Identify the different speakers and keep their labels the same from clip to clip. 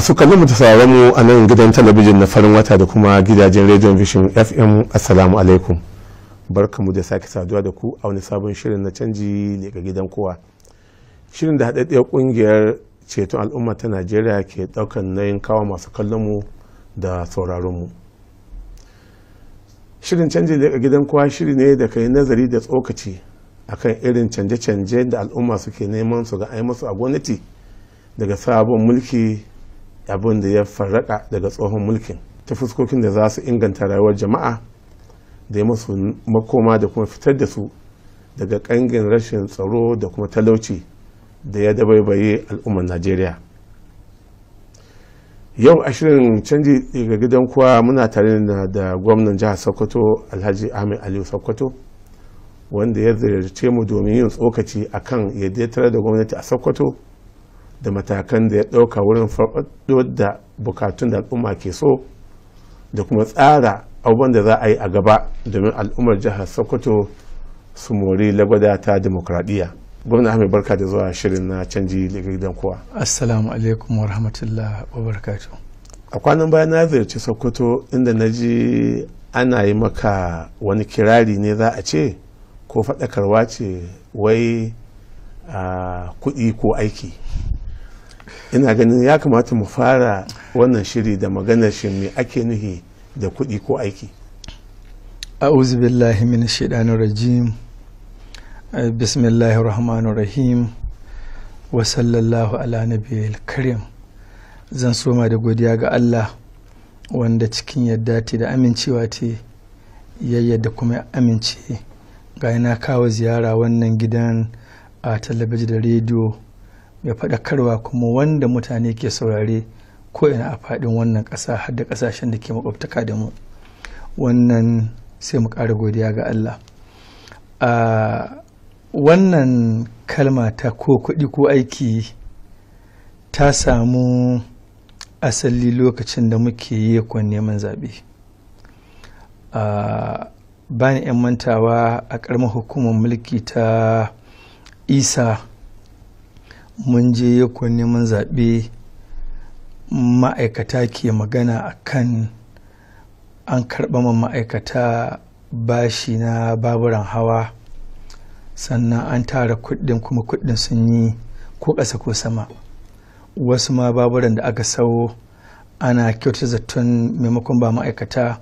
Speaker 1: masu kallon mu ta mu a nan gidan talabijin na farin wata da kuma gidajen rediyon vision fm assalamu alaikum barkamu da sake saduwa da ku a wani sabon shirin na canji leka gidan kowa shirin da haɗaɗɗiyar ƙungiyar ceton al'umma ta najeriya ke ɗaukar nayin kawo masu kallon mu da sauraron mu shirin canji leka gidan kowa shiri ne da kai nazari da tsokaci akan irin canje-canje da al'umma suke neman su ga ai musu a gwamnati daga sabon mulki abin da ya farraka daga tsohon mulkin ta fuskokin da za su inganta rayuwar jama'a da ya musu makoma da kuma fitar da su daga kangin rashin tsaro da kuma talauci da ya dabaibaye al'ummar najeriya yau ashirin canji daga gidan kuwa muna tare da gwamnan jihar sokoto alhaji ahmed aliyu sokoto wanda ya ziyarce mu domin yin tsokaci akan yadda ya tare da gwamnati a sokoto da matakan da ya ɗauka wurin farfaɗo da bukatun da al'umma ke so da kuma tsara abubuwan da za a yi a gaba domin al'ummar jihar sokoto su mori lagwada ta demokradiyya gwamna ahmed barka da zuwa shirin na canji gidan kowa
Speaker 2: assalamu alaikum wa rahmatullah wa barakatu
Speaker 1: a kwanan bayan na ziyarci sokoto inda na ji ana yi maka wani kirari ne za a ce ko faɗakarwa ce wai ah, kuɗi ko aiki ina ganin ya kamata mu fara wannan shiri da maganar shi me ake nuhi da kuɗi ko aiki
Speaker 2: a'udhu billahi min shaitanir rajim bismillahir rahmanir rahim wa sallallahu ala nabiyil karim zan soma da godiya ga Allah wanda cikin yadda ta da amincewa ta yayya da kuma amince ga kawo ziyara wannan gidan a talabijin da rediyo mai faɗakarwa kuma wanda mutane ke saurare ko'ina ina a faɗin wannan ƙasa har da ƙasashen da ke maƙwabtaka da mu wannan sai mu ƙara godiya ga Allah a wannan kalma ta ko kuɗi ko aiki ta samu asali lokacin da muke yi neman zaɓe Bani 'yan mantawa a ƙaramar hukumar mulki ta isa mun je yakon neman zaɓe ma'aikata ke magana a kan an karɓa ma ma'aikata bashi na baburan hawa sannan an tara kuɗin kuma kuɗin sun yi ko ƙasa ko sama wasu ma baburan da aka sau ana kyautar zaton maimakon ba ma'aikata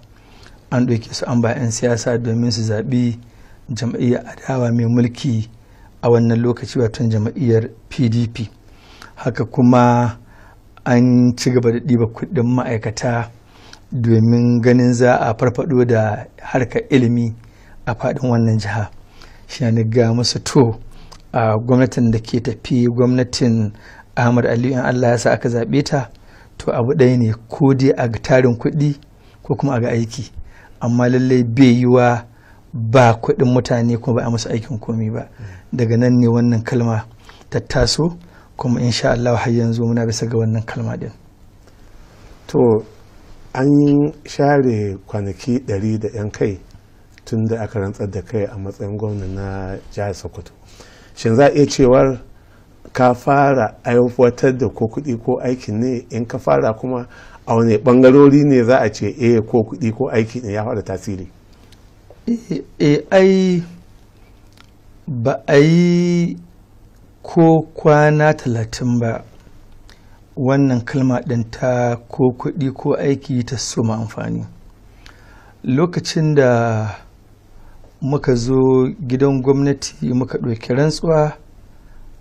Speaker 2: an ɗauke su an ba 'yan siyasa domin su zaɓi jam'iyyar adawa mai mulki a wannan lokaci watan jama'iyyar pdp haka kuma an ci gaba da ɗiba kuɗin ma'aikata domin ganin za a farfado da harkar ilimi a faɗin wannan jiha shi ne ga musu to a gwamnatin da ke tafi gwamnatin ahmad aliyu in allah ya sa aka zaɓe ta to abu ɗaya ne ko dai a ga tarin kuɗi ko kuma a ga aiki amma lallai bai yiwa ba kuɗin mutane kuma ba a musu aikin komi ba daga nan ne wannan kalma ta taso kuma insha Allah har yanzu muna bisa ga wannan kalma din
Speaker 1: to an share kwanaki 100 da 'yan kai tun da aka rantsar da kai a matsayin gwamna na jihar sokoto shin za a iya cewar ka fara aiwatar da ko kuɗi ko aikin ne in ka fara kuma a wani bangarori ne za a ce e ko kuɗi ko aiki ne ya fara
Speaker 2: tasiri eh, eh, ai ba a yi ko kwana talatin ba wannan kalma ɗin ta ko kuɗi ko aiki ta soma amfani lokacin da muka zo gidan gwamnati muka ɗauki rantsuwa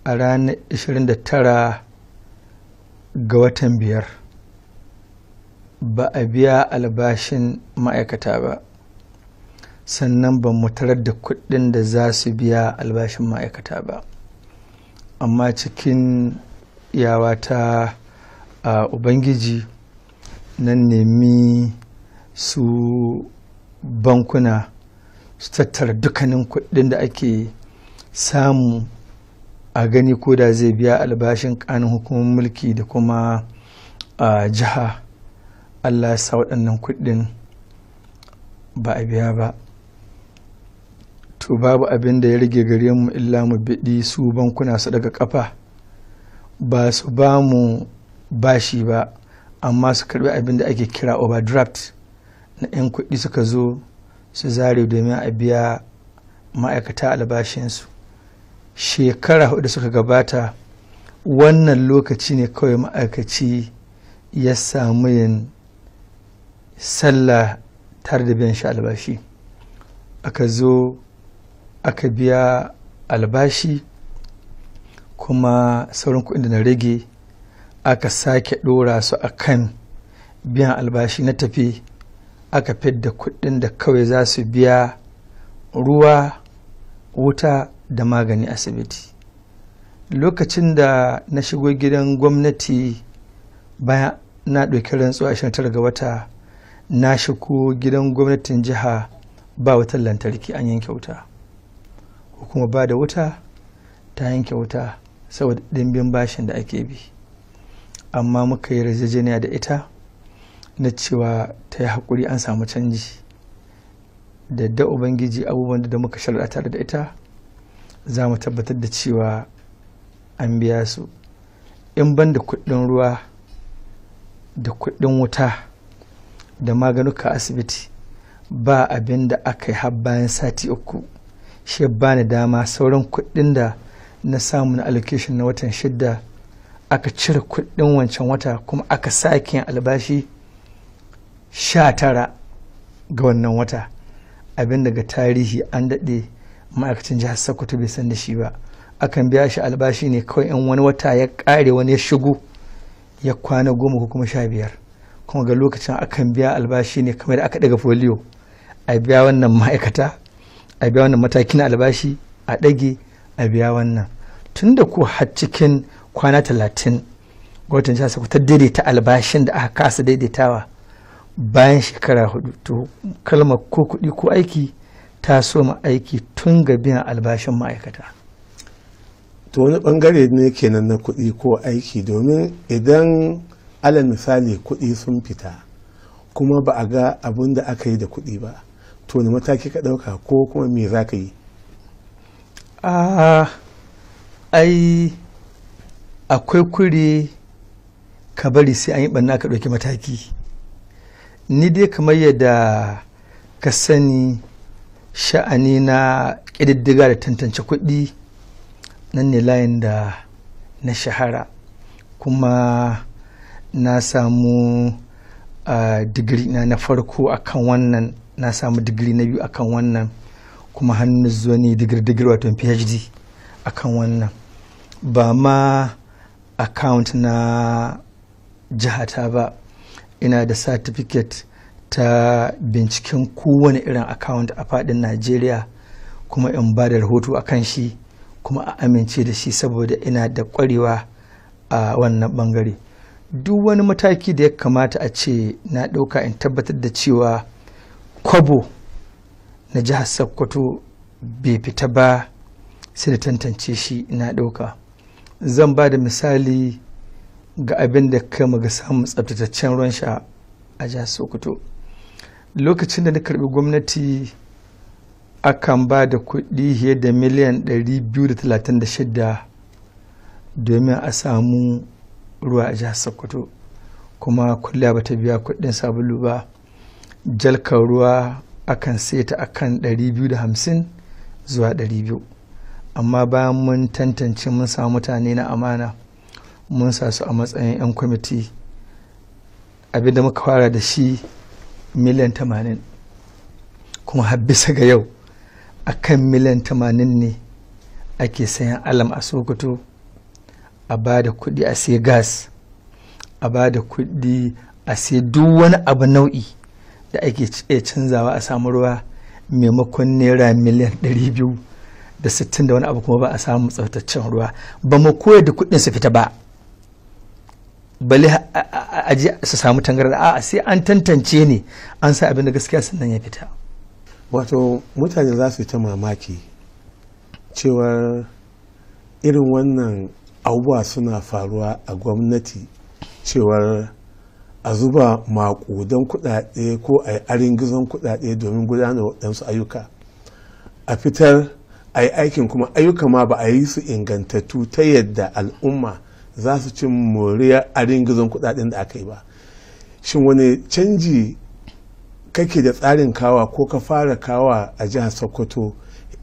Speaker 2: a ranar 29 ga watan biyar ba a biya albashin ma'aikata ba sannan ba mu tarar da kuɗin da za su biya albashin ma'aikata ba amma cikin yawa ta ubangiji nan nemi su bankuna su tattara dukkanin kuɗin da ake samu a gani ko da zai biya albashin kanin hukumar mulki da kuma a jiha allah ya sa waɗannan kuɗin ba a biya ba to babu abin da ya rage gare mu illa mu biɗi su bankuna su daga ƙafa ba su ba mu bashi ba amma su karɓi abin da ake kira overdraft na 'yan kuɗi suka zo su zare domin a biya ma'aikata albashinsu shekara hudu suka gabata wannan lokaci ne kawai ma'aikaci ya samu yin sallah tare da biyan shi albashi aka zo aka biya albashi kuma sauran kuɗin da na rage aka sake ɗora su a kan biyan albashi na tafi aka fidda kuɗin da kawai za su biya ruwa wuta da magani asibiti lokacin da na shigo gidan gwamnati bayan na ɗauki rantsuwa shantar ga wata na shigo gidan gwamnatin jiha ba wutar lantarki an yanke wuta kuma ba da wuta ta yanke wuta saboda dimbin bashin da ake bi amma muka yi yarjejeniya da ita na cewa ta yi haƙuri an samu canji da da ubangiji abubuwan da muka shari'a tare da ita za mu tabbatar da cewa an biya su in ban da kuɗin ruwa da kuɗin wuta da maganuka asibiti ba abin da aka yi har bayan sati uku shi bani dama sauran kuɗin da na samu na allocation na watan shidda aka cire kuɗin wancan wata kuma aka sake albashi sha tara ga wannan wata abin daga tarihi an daɗe ma'aikacin jihar sokoto bai san da shi ba akan biya shi albashi ne kawai in wani wata ya ƙare wani ya shigo ya kwana goma ko kuma sha biyar kuma ga lokacin akan biya albashi ne kamar da aka ɗaga foliyo a biya wannan ma'aikata a biya wannan mataki na albashi a ɗage a biya wannan tun da ko har cikin kwana talatin gwamnatin jihar ta daidaita albashin da aka kasa daidaitawa bayan shekara hudu to kalmar ko kuɗi ko aiki ta soma aiki tun ga biyan albashin ma'aikata
Speaker 1: to wani bangare ne kenan na kuɗi ko aiki domin idan alal misali kuɗi sun fita kuma ba a ga abin da aka yi da kuɗi ba to ne mataki ka ɗauka ko kuma me za ka yi
Speaker 2: a ai akwai kure ka bari sai an yi ɓanna ka ɗauki mataki ni dai kamar yadda ka sani sha'ani na ƙididdiga da tantance kuɗi nan ne layin da na shahara kuma na samu ah, digiri na farko akan wannan na samu digiri na biyu akan wannan kuma hannu zuwa ne digir-digir wato phd akan wannan ba ma account na jihata ba ina da certificate ta binciken kowane irin account a fadin najeriya kuma in ba da rahoto a kan shi kuma a amince da shi saboda ina da kwarewa a wannan bangare duk wani mataki da ya kamata a ce na ɗauka in tabbatar da cewa kwabo na jihar sokoto bai fita ba sai da tantance shi na ɗauka zan ba da misali ga abin da kama ga samun tsabtataccen ruwan sha a jihar sokoto lokacin da na karbi gwamnati akan ba da kuɗi fiye da miliyan 236 domin a samu ruwa a jihar sokoto kuma kulla ba ta biya kuɗin sabulu ba jalkar ruwa akan seta akan 250 zuwa 200 amma bayan mun tantance mun samu mutane na amana mun sa su a matsayin 'yan kwamiti abinda muka fara da shi miliyan 80 kuma har bisa ga yau akan miliyan 80 ne ake sayan alam a sokoto a ba da kuɗi a sai gas a ba da kuɗi a sai duk wani abu nau'i da ake iya canzawa a samu ruwa maimakon naira miliyan 200 da 60 da wani abu kuma ba a samu tsaftaccen ruwa ba mu koya da kuɗin su fita ba bali a ji su samu tangar a sai an tantance ne an sa abin da gaskiya sannan ya fita wato mutane
Speaker 1: za su ta mamaki cewar irin wannan abubuwa suna faruwa a gwamnati cewar a zuba makudan kuɗaɗe ko a yi aringizon kuɗaɗe domin gudanar waɗansu ayyuka a fitar a yi aikin kuma ayyuka ma ba a yi su ingantattu ta yadda al'umma za su cin moriyar aringizon kuɗaɗen da aka yi ba shin wani canji kake da tsarin kawa ko ka fara kawa a jihar sokoto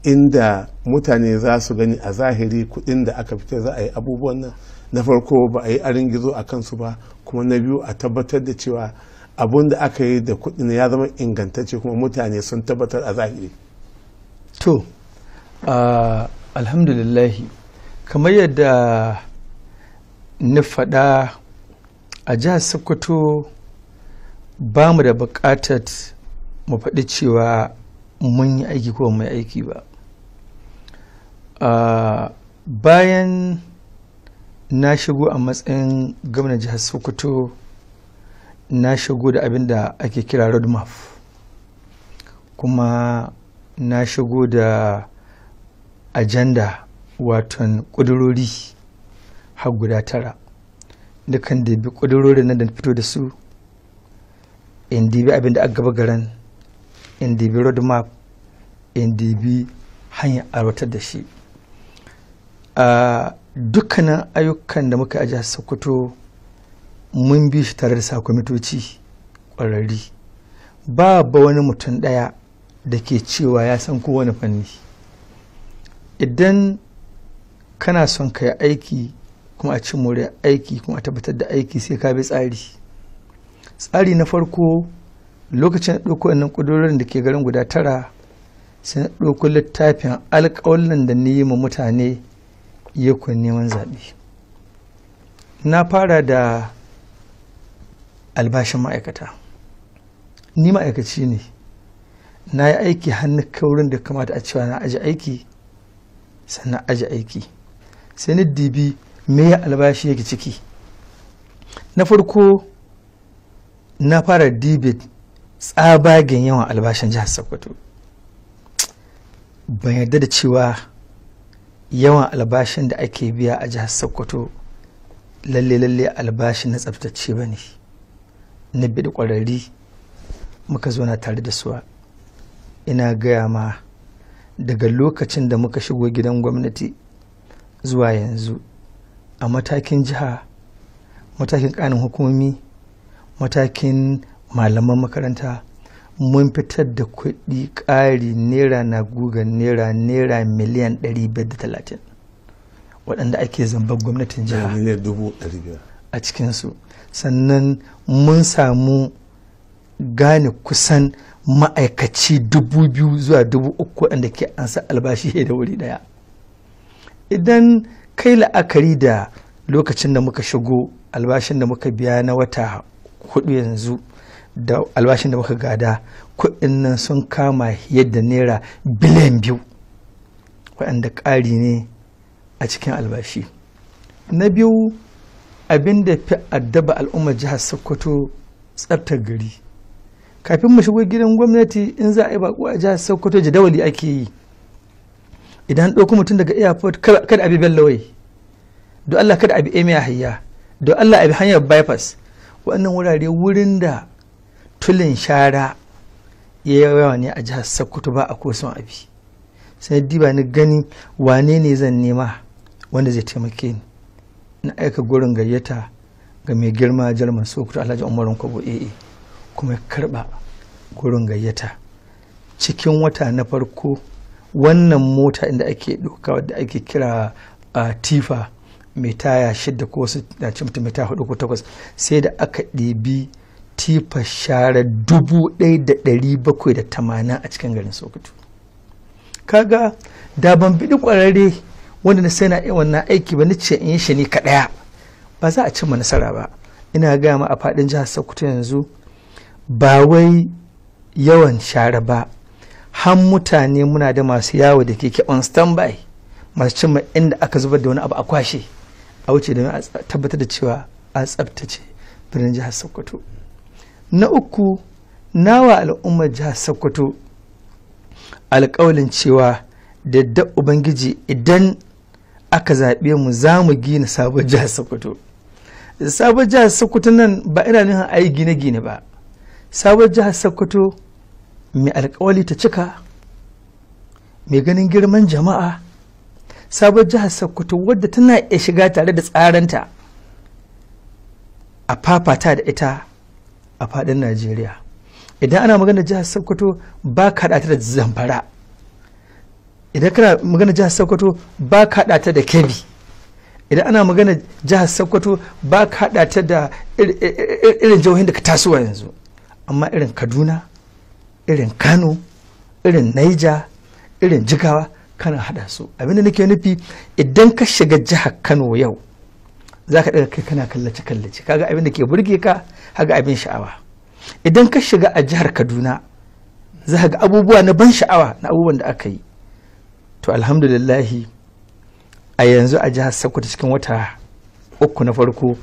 Speaker 1: inda mutane za su gani a zahiri kuɗin da aka fitar za a yi abubuwan nan na farko ba a yi arin gizo a kansu ba kuma na biyu a tabbatar da cewa abun da aka yi da kudin ya zama ingantacce kuma mutane sun tabbatar a zahiri
Speaker 2: to alhamdulillahi kamar yadda na faɗa a jihar sokoto ba mu da buƙatar mu faɗi cewa mun yi aiki ko mai aiki ba bayan na shigo a matsayin gwamnan jihar sokoto na shigo da abin da ake kira roadmap kuma na shigo da agenda waton ƙudurori har guda tara dukan da bi ƙudurorin na da fito da su in abin da gaba garan in road roadmap in hanyar arwatar da shi ah, dukkanin ayyukan da muka aji su sokoto mun bi shi tare da sa kwamitoci ƙwararri ba ba wani mutum ɗaya da ke cewa ya san kowane fanni idan kana son ka yi aiki kuma a cin more aiki kuma a tabbatar da aiki sai ka bi tsari tsari na farko lokacin da ɗauko wannan ƙudurorin da ke garin guda tara sai na ɗauko littafin alƙawallin da ni yi ma mutane yakun neman zaɓe na fara da albashin ma'aikata ni ma'aikaci ne na yi aiki hannu kaurin da kamata a cewa na aji aiki sannan aji aiki sai ni dibi me ya albashi yake ciki na farko na fara dibi tsabagen yawan albashin jihar sokoto ban yarda da cewa yawan albashin da ake biya a jihar sokoto lalle lalle albashi na tsabtacce ba ne na biɗi ƙwararri muka zo na tare da suwa ina gaya ma daga lokacin da muka shigo gidan gwamnati zuwa yanzu a matakin jiha matakin ƙanin hukumomi matakin malaman makaranta mun fitar da kuɗi ƙari naira na gugan naira naira miliyan 530 waɗanda ake zambar gwamnatin jiha a cikinsu sannan mun samu gane kusan ma'aikaci dubu biyu zuwa dubu uku waɗanda ke ansa albashi da wuri ɗaya idan kai la'akari da lokacin da muka shigo albashin da muka biya na wata hudu yanzu da albashin da muka gada kuɗin nan sun kama yadda naira biliyan biyu waɗanda ƙari ne a cikin albashi na biyu abin da fi addaba al'ummar jihar sokoto tsabtar gari kafin mu shigo gidan gwamnati in za a yi baƙo a jihar sokoto jadawali ake yi idan ɗauko mutum daga airport kada abi wai. don allah kada abi emir hayya don allah bi hanyar bypass waɗannan wurare wurin da tulin shara ya yawa ne a jihar sakkwato ba a kosan abi sai diba ni gani wane ne zan nema wanda zai taimake ni na aika gurin gayyata ga mai girma jarman sokoto alhaji umarin kwabo ee kuma ya karba gurin gayyata cikin wata na farko wannan mota inda ake doka wadda ake kira a tifa mai taya shidda ko su na cimta mai taya hudu ko takwas sai da aka ɗebi tifa share dubu ɗaya da da ɗari bakwai tamanin a cikin garin sokoto kaga da ban biɗi ƙwararre wanda na sai na wannan aiki ba ni ce in yi shi ni kaɗaya ba za a cimma nasara ba ina gaya ma a faɗin jihar sokoto yanzu ba wai yawan share ba har mutane muna da masu yawo da keke on standby masu cimma inda aka zubar da wani abu a kwashe a wuce domin a tabbatar da cewa a tsabtace birnin jihar sokoto na uku nawa al'ummar jihar sokoto alkawalin cewa da ubangiji idan aka zaɓe mu za mu gina sabon jihar sokoto sabon jihar sokoto nan ba ina nufin a yi gine-gine ba sabon jihar sokoto mai alkawali ta cika mai ganin girman jama'a sabon jihar sokoto wadda tana iya shiga tare da tsaranta a fafata da ita a fadin najeriya idan ana magana jihar sokoto ba ka da zamfara idan kana magana jihar sokoto ba ka da kebbi idan ana magana jihar sokoto ba ka da irin jihohin da ka tasowa yanzu amma irin kaduna irin kano irin naija irin jigawa kana hada su abinda nake nufi idan ka shiga jihar kano yau za ka ɗaga kai kana kallace kallace kaga abin da ke burge ka haga abin sha'awa idan ka shiga a jihar kaduna za ka ga abubuwa na ban sha'awa na abubuwan da aka yi to alhamdulillahi a yanzu a jihar sokoto cikin wata uku na farko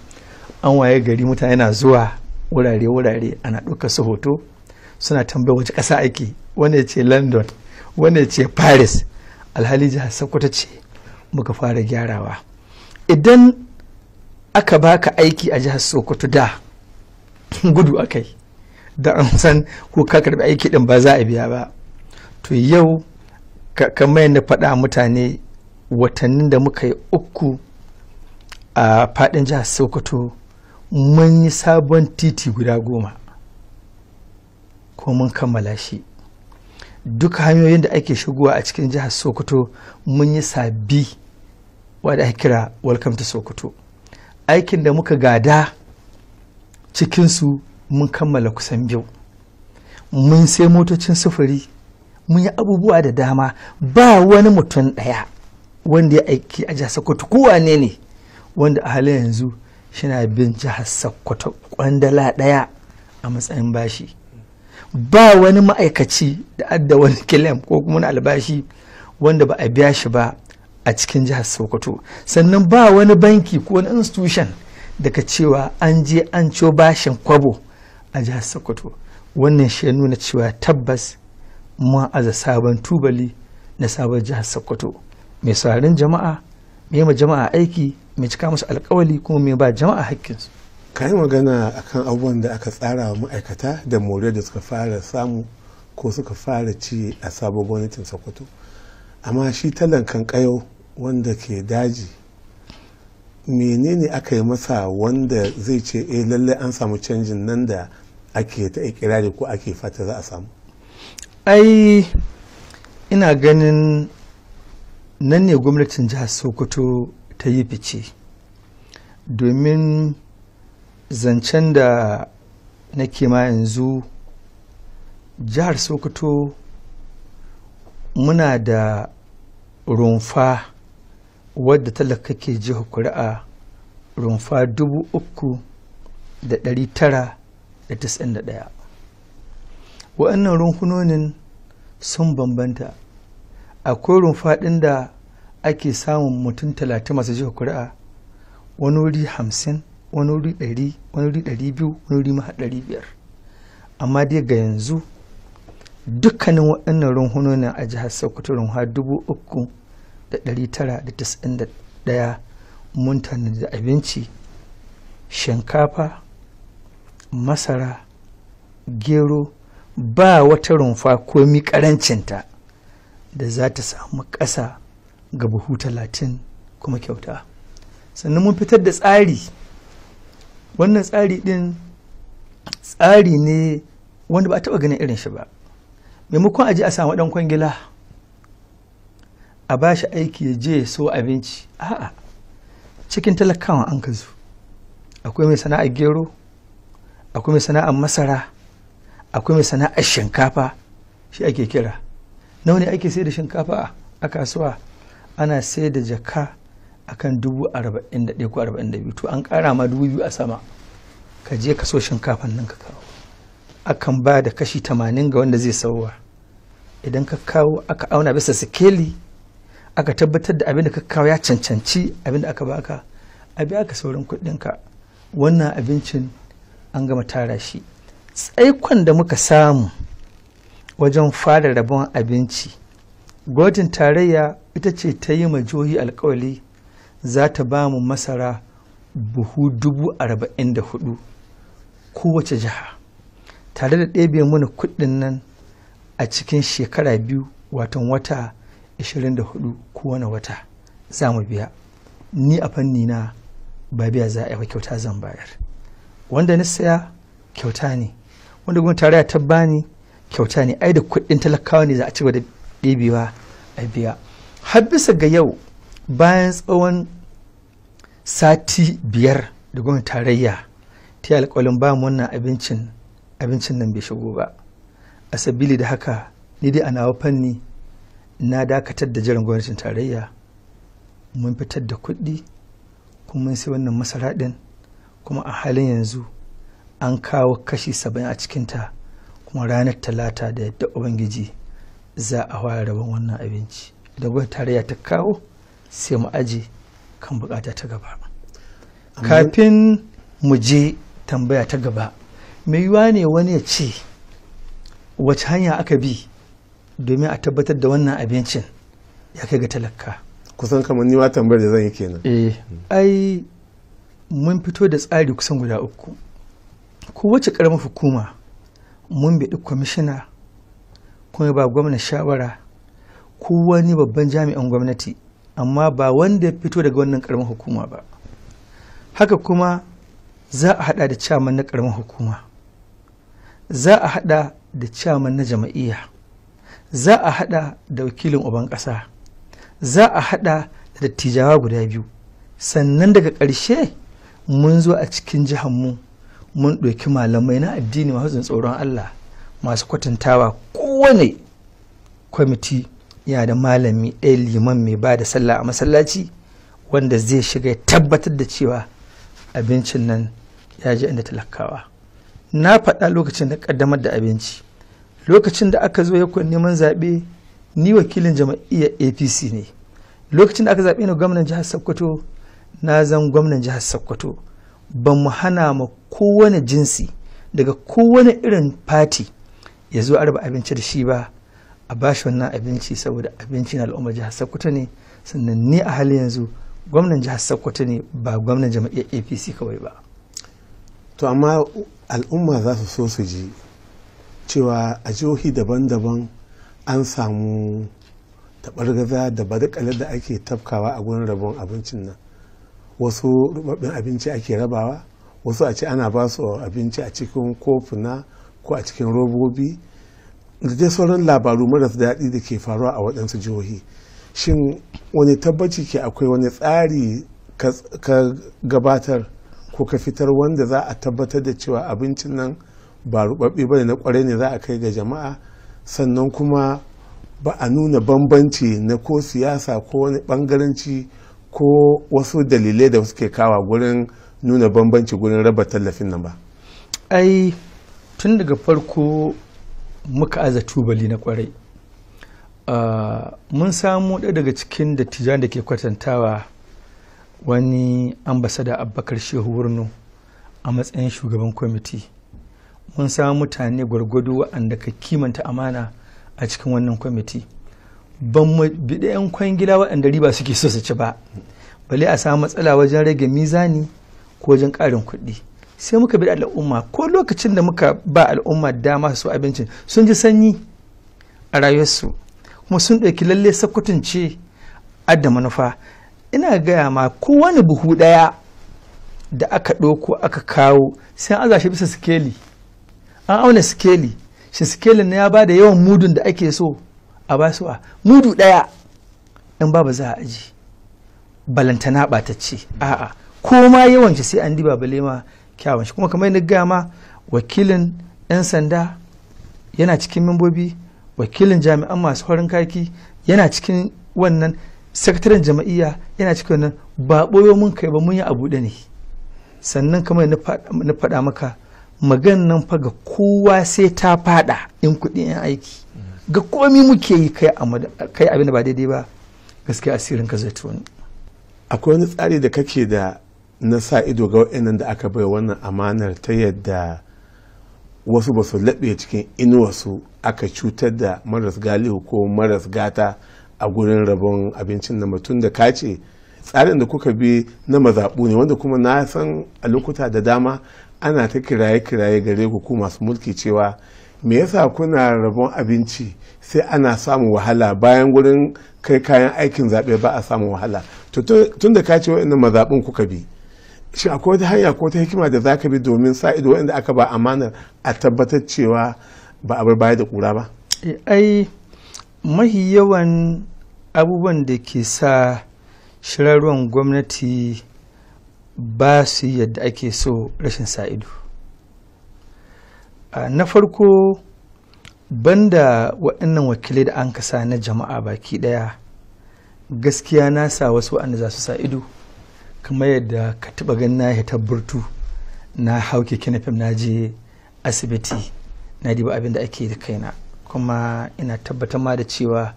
Speaker 2: an waye gari mutane na zuwa wurare wurare ana ɗaukar su hoto suna tambayar wace ƙasa ake wani ya ce london wani ya ce paris alhali jihar Sakkwata ce muka fara gyarawa idan aka baka aiki a jihar sokoto da gudu akai da an san ko ka karbi aiki din ba za a biya ba to yau kamar na faɗa mutane watannin da muka yi uku a faɗin jihar sokoto mun yi sabon titi guda goma ko mun kammala shi duk hanyoyin da ake shigowa a cikin jihar sokoto mun yi sabi wadda ake kira welcome to sokoto aikin da muka gada cikinsu mun kammala kusan biyu mun sai motocin sufuri mun yi abubuwa da dama ba wani mutum ɗaya wanda ya aiki a jihar sokoto kowane ne wanda a halin yanzu shina bin jihar sokoto kwandala ɗaya a matsayin bashi ba wani ma'aikaci da adda wani kilam ko kuma albashi wanda ba a biya shi ba a cikin jihar sokoto sannan ba wani banki ko wani institution daga cewa an je an ciwo bashin kwabo a jihar sokoto wannan shi ya nuna cewa tabbas mun aza sabon tubali na sabon jihar sokoto mai sauraron jama'a mai ma jama'a aiki mai cika musu alkawali kuma mai ba jama'a hakkinsu ka yi magana
Speaker 1: akan abubuwan da aka tsara wa ma'aikata da more da suka fara samu ko suka fara ci a sabon gwamnatin sokoto amma shi talan kayo wanda ke daji menene aka yi masa wanda zai ce eh lallai an samu canjin nan da ake ta ikirari ko ake fata za a samu
Speaker 2: ai ina ganin nan ne gwamnatin jihar sokoto ta yi fice domin zancen da nake ma yanzu jihar sokoto muna da rumfa wadda talaka ke jiha kuri'a rumfa dubu uku da ɗari tara da tis'in da ɗaya wa'annan rumfunonin sun bambanta akwai rumfa ɗin da ake samun mutum talatin masu jiha kuri'a wani wuri hamsin wani wuri ɗari wani wuri ɗari biyu wani wuri maha ɗari biyar amma dai ga yanzu dukkanin waɗannan runhunonin a jihar sokoto runhuwa dubu uku da ɗari tara da tasa'in ɗaya mun da abinci shinkafa masara gero ba wata rumfa komi karancinta da za ta samu ƙasa ga buhu talatin kuma kyauta sannan mun fitar da tsari wannan tsari ɗin tsari ne wanda ba a taɓa ganin irin shi ba maimakon aji a samu ɗan kwangila a ba shi aiki ya je so abinci a'a cikin talakawan an ka zo akwai mai sana'a gero akwai mai sana'a masara akwai mai sana'a shinkafa shi ake kira nawa ne ake sai da shinkafa a kasuwa ana sai da jaka akan dubu arba'in da ɗaya ko arba'in da biyu to an ƙara ma dubu biyu a sama ka je ka so shinkafan nan ka kawo akan ba da kashi tamanin ga wanda zai sauwa idan ka kawo aka auna bisa sikeli aka tabbatar da abin da ka kawo ya cancanci abin da aka baka a biya ka saurin kuɗinka wannan abincin an gama tara shi tsaikon da muka samu wajen fara rabon abinci gwajin tarayya ita ce ta yi majohi alkawali za ta ba mu masara buhu dubu arba'in da hudu kowace jiha tare da ɗebe mana kuɗin nan a cikin shekara biyu watan wata 24 kowane wata za mu biya ni a fanni na ba biya za a yi kyauta zan bayar wanda na saya kyauta ne wanda gwamnati tare ta bani kyauta ne ai da kuɗin talakawa ne za a ci da ɗebewa a biya har bisa ga yau bayan tsawon sati biyar da gwamnati tarayya ta yi alƙalin ba mu wannan abincin abincin nan bai shigo ba a sabili da haka ni dai a nawa fanni na dakatar da jiran gwamnatin tarayya mun fitar da kuɗi kuma mun sai wannan masara ɗin kuma a halin yanzu an kawo kashi saba'in a cikinta kuma ranar talata da yadda ubangiji za a fara rabon wannan abinci da gwamnatin tarayya ta kawo sai mu aji kan bukata ta gaba kafin mu je tambaya ta gaba mai yiwuwa ne wani ya ce wace hanya aka bi domin a tabbatar da wannan abincin ya kai ga talaka
Speaker 1: kusan kamar ni ma tambayar da zan yi kenan eh
Speaker 2: ai mun fito da tsari kusan guda uku kowace karamar hukuma mun bi duk kwamishina kuma ba gwamna shawara ko wani babban jami'an gwamnati amma ba wanda ya fito daga wannan karamar hukuma ba haka kuma za a hada da caman na karamar hukuma za a hada da ciyaman na jama'iyya za a hada da wakilin uban ƙasa za a hada da dattijawa guda biyu sannan daga ƙarshe mun zo a cikin mu mun ɗauki malamai na addini masu tsoron Allah masu kwatantawa kowane kwamiti ya da malami ɗaya liman mai ba da sallah a masallaci wanda zai shiga tabbatar da cewa abincin nan ya ji inda talakawa na faɗa lokacin da ƙaddamar da abinci lokacin da aka zo yakon neman zaɓe ni wakilin jama'iyyar apc ne lokacin da aka zaɓe ni gwamnan jihar sokoto na zan gwamnan jihar sokoto ban mu hana ma kowane jinsi daga kowane irin fati ya zo araba abinci da shi ba a bashi wannan abinci saboda abinci na al'ummar jihar sokoto ne sannan ni a halin yanzu gwamnan jihar sokoto ne ba gwamnan jama'iyyar apc kawai ba to amma
Speaker 1: al'umma za su so su ji cewa a jihohi daban-daban an samu taɓargaza da badakalar da ake tafkawa a gurin rabon abincin nan wasu rubabbin abinci ake rabawa wasu a ce ana ba su abinci a cikin kofuna ko a cikin robobi da dai sauran labaru marasa daɗi da ke faruwa a waɗansu jihohi shin wani tabbaci ke akwai wani tsari ka gabatar ko ka fitar wanda za a tabbatar da cewa abincin nan ba rubabbe ba na kwarai ne za a kai ga jama'a sannan kuma ba a nuna bambanci na ko siyasa ko wani bangaranci ko wasu dalilai da suke kawa gurin nuna bambanci gurin raba tallafin nan ba
Speaker 2: ai tun daga farko muka aza tubali na kwarai ah, mun samu ɗaya daga cikin tijan da ke kwatantawa wani ambasada abubakar shehu wurno a matsayin shugaban kwamiti mun samu mutane gwargwado waɗanda ka kimanta amana a cikin wannan kwamiti ban mu biɗe 'yan kwangila waɗanda riba suke so su ci ba bale a samu matsala wajen rage mizani ko wajen ƙarin kuɗi sai muka bi al'umma ko lokacin da muka ba al'umma dama su abincin sun ji sanyi a rayuwarsu kuma sun ɗauki lalle sakkutun ce adda manufa ina gaya ma kowane buhu ɗaya da aka ɗauko aka kawo sai an bisa sikeli an auna sikeli shi sikelin na ya ba da yawan mudun da ake so a ba su a mudu ɗaya in ba ba za a aji balantana ɓatacce a'a ko ma yawan shi sai an diba bale ma kyawun shi kuma kamar na gaya ma wakilin 'yan sanda yana cikin membobi wakilin jami'an masu farin kaki yana cikin wannan sakataren jama'iyya yana cikin wannan ba ɓoyo mun kai ba mun yi abu ne sannan kamar na faɗa maka magan nan fa ga kowa sai ta faɗa in kuɗin yan aiki ga komi muke yi kai abin da ba daidai ba gaskiya asirin ka zai tuni
Speaker 1: akwai wani tsari da kake da na sa ido ga wa'annan da aka bai wannan amanar ta yadda wasu ba su laɓe cikin inuwarsu aka cutar da maras galihu ko maras gata a gurin rabon abincin na mutum da ka ce tsarin da kuka bi na mazaɓu ne wanda kuma na san a lokuta da dama ana ta kiraye-kiraye gare ku ku masu mulki cewa me yasa kuna rabon abinci sai ana samun wahala bayan gurin kai kayan aikin zaɓe ba a samun wahala tun da ka ce wa'in mazaɓun kuka bi shi akwai wata hanya ko ta hikima da za ka bi domin sa ido wa'anda aka ba amana a tabbatar cewa ba a bar baya da ƙura ba
Speaker 2: eh, ai mahi yawan abubuwan da ke sa shirarwan gwamnati ba su yadda ake so rashin sa'ido na farko banda waɗannan wakilai da an kasa na jama'a baki ɗaya gaskiya na sa wasu waɗanda za su sa kamar yadda ka taɓa ganin na ya burtu na hauke kinafim na je asibiti na diba abin da ake da kaina kuma ina tabbatar ma da cewa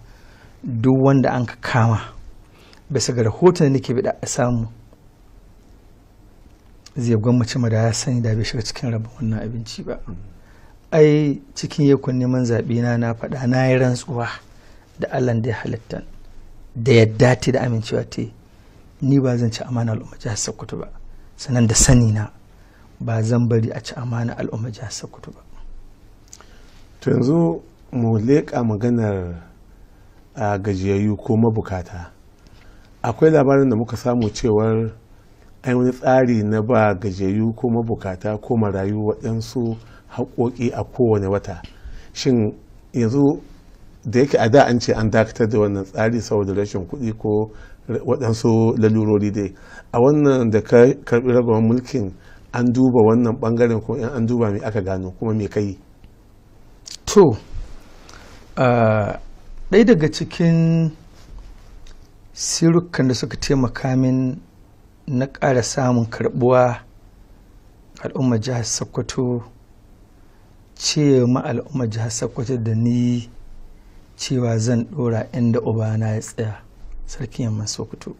Speaker 2: duk wanda an kama bisa ga rahoton da nake bida a samu zai gwammace ma da ya sani da bai shiga cikin rabin wannan abinci ba ai cikin yakun neman zaɓe na na faɗa na yi rantsuwa da allah da ya halitta da yadda ta da amincewa ta ni ba zan ci amana al'umma jihar sokoto ba sannan da sani na ba zan bari a ci amana al'umma jihar sokoto ba
Speaker 1: to yanzu mu leƙa maganar a gajiyayyu ko mabukata akwai labarin da muka samu cewar an wani tsari na ba gajiyayyu ko mabukata ko marayu waɗansu haƙoƙi a kowane wata shin yanzu da yake a da an ce an dakatar da wannan tsari saboda rashin kuɗi ko waɗansu lalurori dai a wannan da ka karɓi ragowar mulkin an duba wannan ɓangaren ko an
Speaker 2: duba mai aka gano kuma mai kai to ah, ɗaya daga cikin sirukan da suka taimaka min na ƙara samun karɓuwa al'ummar jihar sokoto ce al'ummar jihar sokoto da ni cewa zan ɗora inda na ya tsaya sarkin yamman sokoto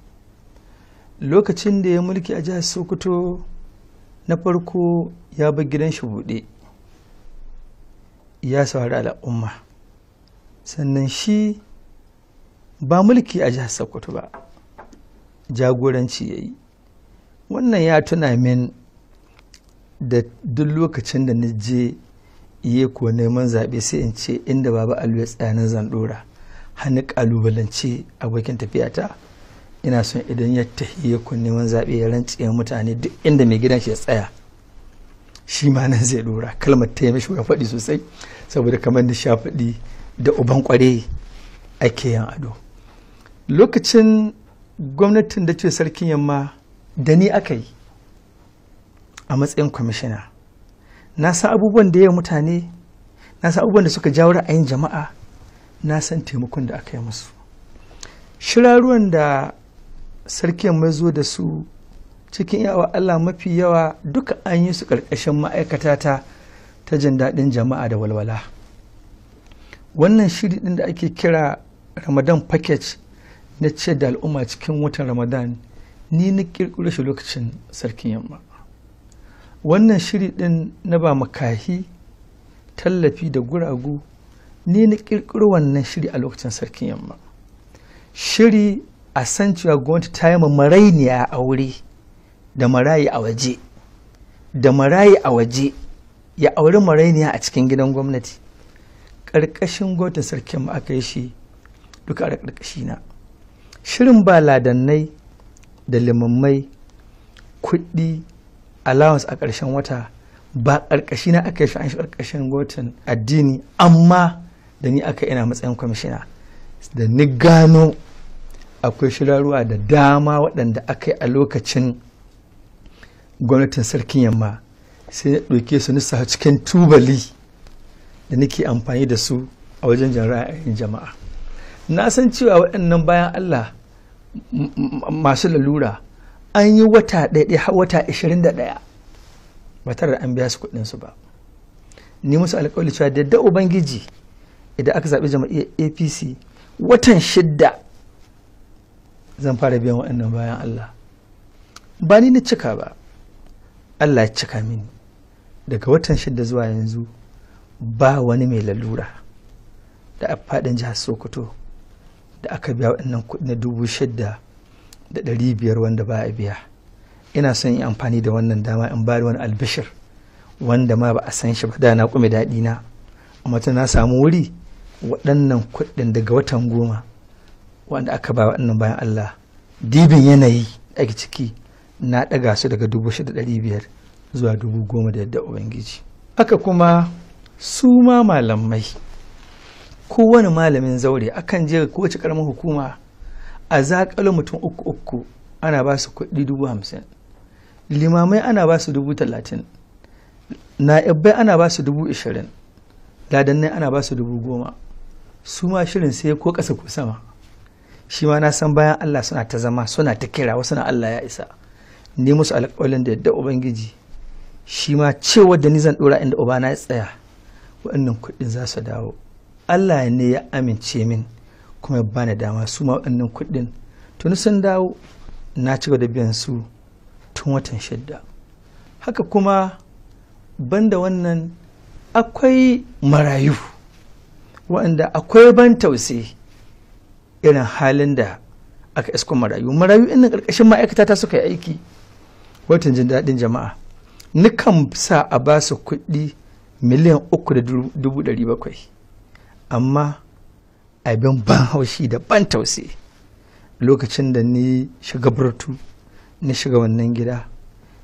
Speaker 2: lokacin da ya mulki a jihar sokoto na farko ya bar gidan shi buɗe ya saurari al'umma sannan shi ba mulki a jihar sokoto ba jagoranci ya yi wannan ya tuna min da duk lokacin da na je iye ko neman zaɓe sai in ce inda baba alu ya tsaya nan zan ɗora hannu ƙalubalance abokin tafiyata ina son idan ya tahiye ko neman zaɓe ya rantse mutane duk inda mai gidan shi ya tsaya shi ma nan zai ɗora kalmar ta yi mishi faɗi sosai saboda kamar da sha faɗi da uban kware ake yin ado lokacin gwamnatin da ce sarkin yamma da ni aka yi a matsayin kwamishina na san abubuwan da ya mutane na san abubuwan da suka jawo ra'ayin jama'a na san taimakon da aka yi musu shiraruwan da sarkin yamma zo da su cikin yawa Allah mafi yawa duka an yi su ƙarƙashin ma'aikata ta jin daɗin jama'a da walwala wannan shiri din da ake kira ramadan package na ce da al'umma cikin watan ramadan ni na kirkiro shi lokacin sarkin yamma wannan shiri din na ba makahi tallafi da guragu ni na kirkiro wannan shiri a lokacin sarkin yamma shiri a san cewa gwamnati ta yi marainiya a wuri da marayi a waje da marayi a waje ya auri marainiya a cikin gidan gwamnati ƙarƙashin gwamnatin sarkin mu aka yi shi duka a ƙarƙashi na shirin ba ladannai da limammai kuɗi allowance a ƙarshen wata ba ƙarƙashi na aka yi shi an shi ƙarƙashin gwamnatin addini amma da ni aka ina matsayin kwamishina da ni gano akwai shirarruwa da dama waɗanda aka yi a lokacin gwamnatin sarkin yamma sai ya ɗauke su nisa cikin tubali da nake amfani da su a wajen jan ra'ayin jama'a na san cewa waɗannan bayan allah masu lalura an yi wata har wata 21 ba tare da an biya su kuɗinsu ba ni musu alƙawari cewa da da ubangiji idan aka zaɓi jama'a apc watan shidda zan fara biyan waɗannan bayan allah ba ni na cika ba allah ya cika mini daga watan shidda zuwa yanzu ba wani mai lalura da a fadin jihar sokoto da aka biya waɗannan kuɗi na dubu shidda da ɗari biyar wanda ba a biya ina son yi amfani da wannan dama in ba wani albishir wanda ma ba a san shi ba da na kume daɗi na amma na samu wuri waɗannan kuɗin daga watan goma wanda aka ba waɗannan bayan Allah dibin yanayi ake ciki na ɗaga su daga dubu shida ɗari biyar zuwa dubu goma da yadda ubangiji haka kuma su ma malamai kowane malamin zaure akan je kowace karamin hukuma a zaƙalo mutum uku uku ana ba su kuɗi dubu hamsin limamai ana ba su dubu talatin na'ibbai ana ba su dubu ishirin ladannai ana ba su dubu goma su ma shirin sai ko ƙasa ko sama shi ma na san bayan Allah suna ta zama suna ta kira wasu na Allah ya isa ne musu alƙawalin da yadda ubangiji shi ma cewa da ni zan ɗora inda ubana ya tsaya waɗannan kuɗin za su dawo allah ne ya amince min kuma ya bani dama su ma waɗannan kuɗin tuni sun dawo na ci da biyan su tun watan shidda haka kuma banda wannan akwai marayu waɗanda akwai ban tausayi irin halin da aka isko marayu marayu inda ƙarƙashin ma'aikata ta suka yi aiki watan jin daɗin jama'a nukan sa a ba su kuɗi miliyan uku da dubu ɗari bakwai amma abin ban haushi da ban tausayi lokacin da ni shiga burtu na shiga wannan gida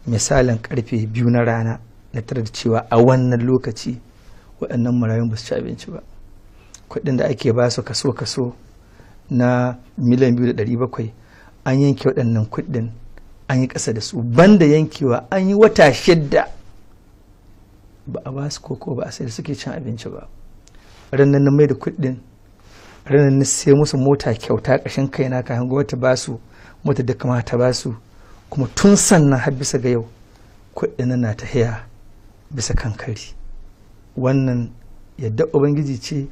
Speaker 2: misalin karfe biyu na rana na tarar cewa a wannan lokaci waɗannan marayun ba su ci abinci ba kuɗin da ake ba su kaso kaso na miliyan biyu da ɗari bakwai an yanke waɗannan kuɗin an yi ƙasa da su banda yankewa an yi wata shidda ba a basu su koko ba a sai suke cin abinci ba ranar na mai da kuɗin ranar na sai musu mota kyauta ƙashin kaina kayan gwamnati ba su mota da kamata ba su kuma tun sannan har bisa ga yau kuɗin na ta haya bisa kankari wannan yadda ubangiji ce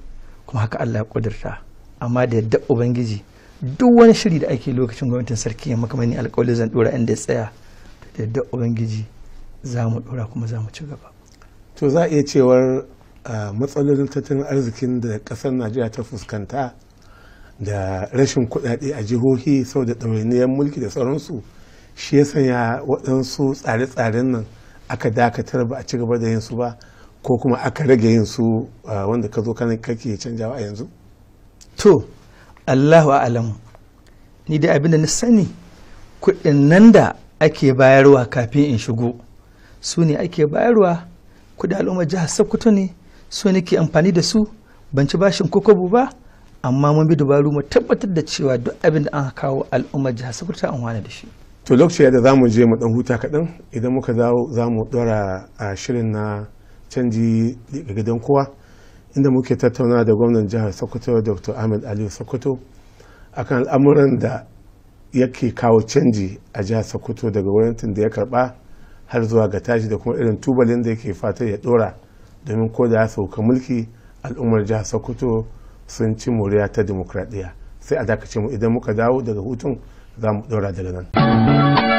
Speaker 2: kuma haka allah ya ƙudurta amma da yadda ubangiji duk wani shiri da ake lokacin gwamnatin sarki ya makamani alƙawalin zan dora inda ya tsaya da yadda ubangiji za mu ɗora kuma za mu ci gaba
Speaker 1: to za a iya cewar matsalolin tattalin arzikin da kasar najeriya ta fuskanta da rashin kuɗaɗe a jihohi sau da ɗawainiyar mulki da sauransu shi ya sanya waɗansu tsare-tsaren nan aka dakatar ba a ci gaba da yin su ba ko kuma aka rage yin su wanda ka zo kake canjawa a yanzu
Speaker 2: to allahu alam ni da abin da na sani kuɗin nan da ake bayarwa kafin in shigo su ne ake bayarwa kuɗi al'ummar jihar sokoto ne so nake amfani da su ban ci bashin kokobu ba amma mun bi dubaru mu tabbatar da cewa duk abin da an kawo al'ummar jihar sokoto an wani da shi
Speaker 1: to lokaci da za mu je mu dan huta kaɗan idan muka dawo za mu ɗora a shirin na canji daga gidan kowa inda muke tattauna da gwamnan jihar sokoto dr ahmed aliyu sokoto akan al'amuran da yake kawo canji a jihar sokoto daga tun da ya karɓa. har zuwa ga tashi da kuma irin tubalin da yake fata ya dora domin ko da ya sauka mulki al'ummar jihar sokoto sun ci moriya ta demokradiyya sai a dakace mu idan muka dawo daga hutun za mu dora daga nan.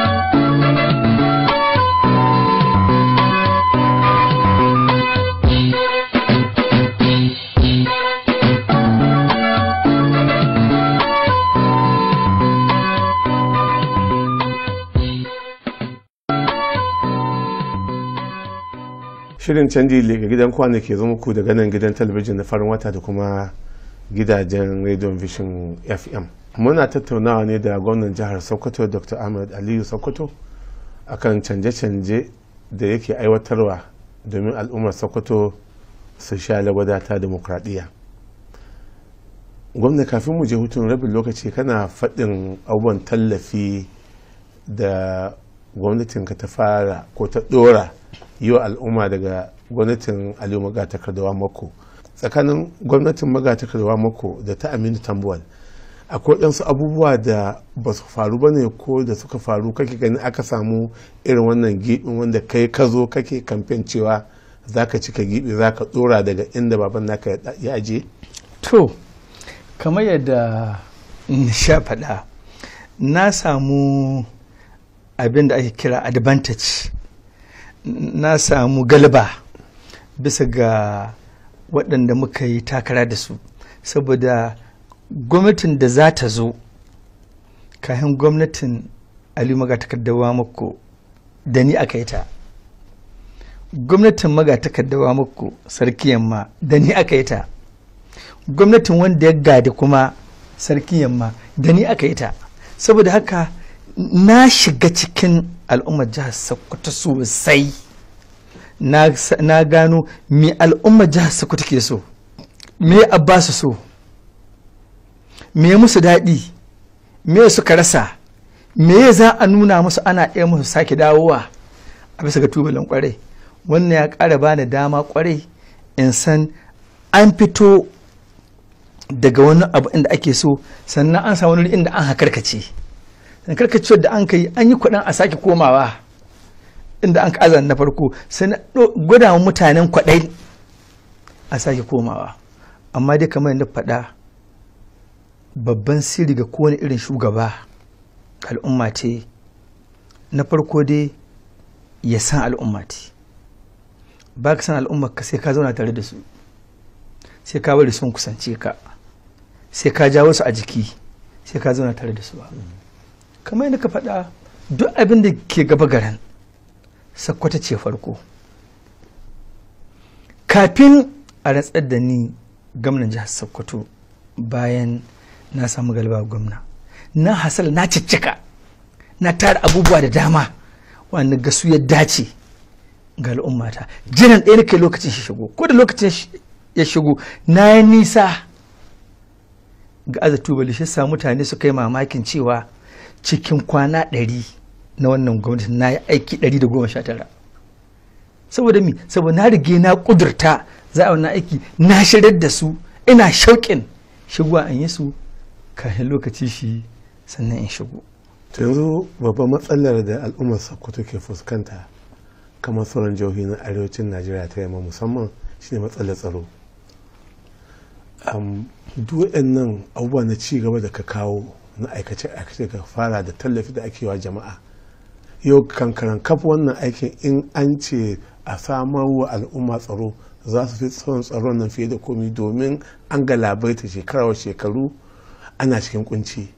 Speaker 1: shirin canji daga gidan kwana ke zama ku daga nan gidan talabijin na farin wata da kuma gidajen radio vision fm muna tattaunawa ne da gwamnan jihar sokoto dr ahmed aliyu sokoto akan canje-canje da yake aiwatarwa domin al'ummar sokoto su sha lagwada ta demokradiyya gwamna kafin mu je hutun rabin lokaci kana faɗin abubuwan tallafi da gwamnatinka ta fara ko ta ɗora yi al'umma daga gwamnatin aliyu magatakardawa mako tsakanin gwamnatin magatakardawa mako da ta aminu tambuwal akwai ɗansu abubuwa da ba su faru ba ne ko da suka faru kake gani aka samu irin wannan giɓin wanda kai ka zo kake kamfen cewa za ka cika giɓi za ka tsora daga inda baban naka ya aje? to
Speaker 2: kamar yadda sha faɗa na samu abin da ake kira advantage na samu galiba bisa ga waɗanda muka yi takara da su saboda gwamnatin da za ta zo kayan gwamnatin aliyu magatakardawa mako da ni aka yi ta gwamnatin magatakardawa mako sarki yamma da ni aka yi ta gwamnatin wanda ya gadi kuma sarki yamma da ni aka yi ta saboda haka na shiga cikin al'ummar jihar sokoto sosai na gano me al'ummar jihar sokoto ke so me abbasu so me musu daɗi me suka rasa me za a nuna musu ana iya musu sake dawowa a bisa ga tubalin kwarai wannan ya ƙara bani dama kwarai in san an fito daga wani abu inda ake so sannan an samu wani inda an hakarkace karkacewar da an kai an yi kwaɗan a sake komawa inda an azan na farko sai na gwada mutanen kwaɗai a sake komawa amma dai kamar yadda faɗa babban sirri ga kowane irin shugaba al'umma ce na farko dai ya san al'umma ce ba ka san al'umma ka sai ka zauna tare da su sai ka bari sun kusance ka sai ka jawo su a jiki sai ka zauna tare da su ba kamar yadda ka faɗa duk abin da ke gaba garin. sakwata ce farko kafin a rantsar da ni gwamnan jihar sakwato bayan na samu galiba gwamna na hasal na ciccika na tara abubuwa da dama wani gasu ya dace ga al'ummata jinan ɗaya nake lokacin shi shigo ko da lokacin ya shigo na yi nisa ga azatubali shi sa mutane su kai mamakin cewa cikin kwana ɗari na wannan gwamnati na yi aiki ɗari da goma sha tara saboda mi saboda na rige na ƙudurta za a wannan aiki na shirar da su ina shauƙin shigowa an yi su kafin lokaci shi sannan in shigo
Speaker 1: ta yanzu babban matsalar da al'ummar sokoto ke fuskanta kamar sauran jihohi na arewacin najeriya ta yamma musamman shine matsalar tsaro duk nan abubuwa na ci gaba da ka kawo na aikace-aikace ka fara da tallafi da ake wa jama'a yau kankaran kafa wannan aikin in an ce a samar wa al'umma tsaro za su fi tsawon tsaron nan fiye da komi domin an ga galabaita shekara wa shekaru ana cikin kunci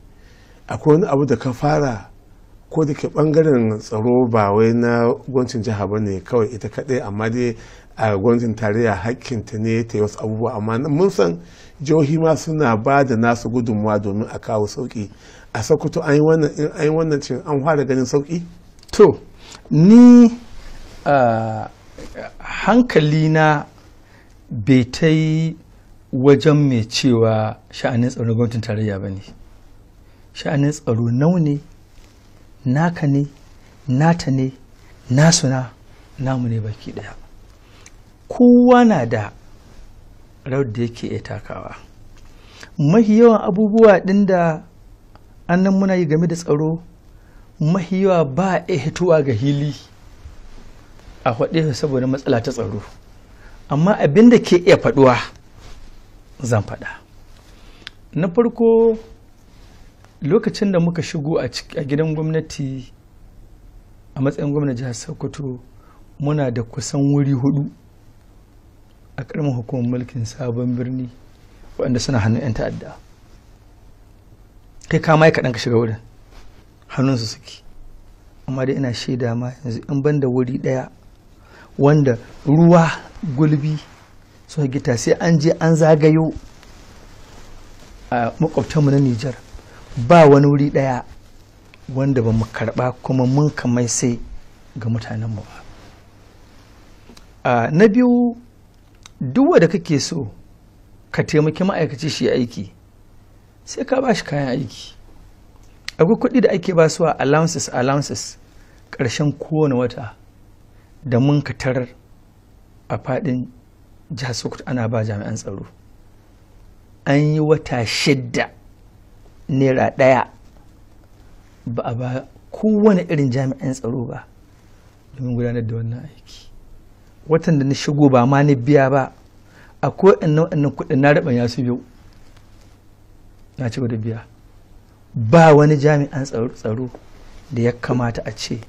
Speaker 1: akwai wani abu da ka fara ko da ke bangaren tsaro ba wai na gwancin jiha ba ne kawai ita kaɗai amma dai a gwancin tarayya hakkin ta ne ta wasu abubuwa amma mun san jihohi ma suna ba da nasu gudunmuwa domin a kawo sauki a sokoto an yi wannan cin an fara ganin
Speaker 2: sauki to ni hankali na bai ta yi wajen mai cewa sha'anin tsaro gwamnatin tarayya ba ne sha'anin tsaro nau naka ne nata ne nasu na namu ne baki daya kowa na da rawar da yake ya takawa mahi yawan abubuwa ɗin da annan muna yi game da tsaro mahi yawa ba a hituwa ga hili a faɗe saboda matsala ta tsaro amma abin da ke iya faɗuwa zan faɗa na farko lokacin da muka shigo a gidan gwamnati a matsayin gwamnati jihar sokoto muna da kusan wuri hudu a karamin hukumar mulkin sabon birni waɗanda suna hannun 'yan ta'adda kai kama kaɗan ka shiga wurin hannunsu suke amma dai ina shaida ma yanzu in ban da wuri ɗaya wanda ruwa gulbi suka gita sai an je an zagayo a makwabtanmu na nijar ba wani wuri ɗaya wanda ba mu karɓa kuma mun kamai sai ga mutanenmu ba na biyu duk wanda kake so ka taimaki ma'aikaci shi aiki sai ka bashi kayan aiki akwai kuɗi da ake ba a allowances allowances ƙarshen kowane wata da mun ka tarar a faɗin jihar sokoto ana ba jami'an tsaro an yi wata shidda naira ɗaya ba a ba kowane irin jami'an tsaro ba domin gudanar da wannan aiki watan da na shigo ba ma ni biya ba akwai wannan kuɗin na raɓa ya su biyu na ci da biya ba wani jami'an tsaro da ya kamata a ce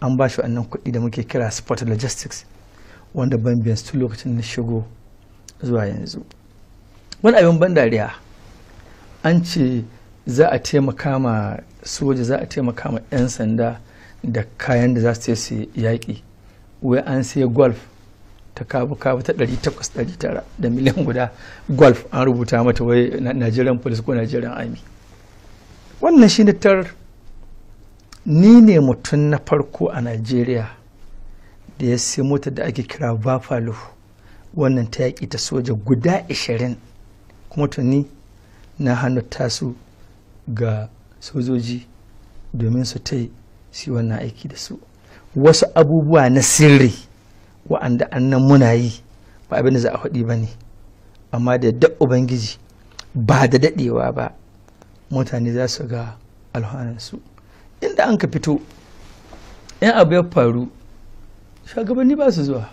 Speaker 2: an ba shi wannan kuɗi da muke kira sport logistics wanda ban biyan su lokacin na shigo zuwa yanzu wani abin ban dariya an ce za a taimaka ma soja za a taimaka ma 'yan sanda da kayan da za su su yaƙi wai an sai golf ta kabu kabu ta 800 da miliyan guda golf an rubuta mata wai nigerian police ko nigerian army wannan shi tar ni ne mutum na farko a nigeria da ya sai motar da ake kira buffalo wannan ta yaƙi ta soja guda 20 kuma tuni na hannu tasu ga sojoji domin su ta shi wannan aiki da su wasu abubuwa na sirri wa'anda annan muna yi ba abin da za a faɗi ba ne amma da yadda ubangiji ba da daɗewa ba mutane za su ga alhanansu inda an ka fito yan abu ya faru shagabanni ba su zuwa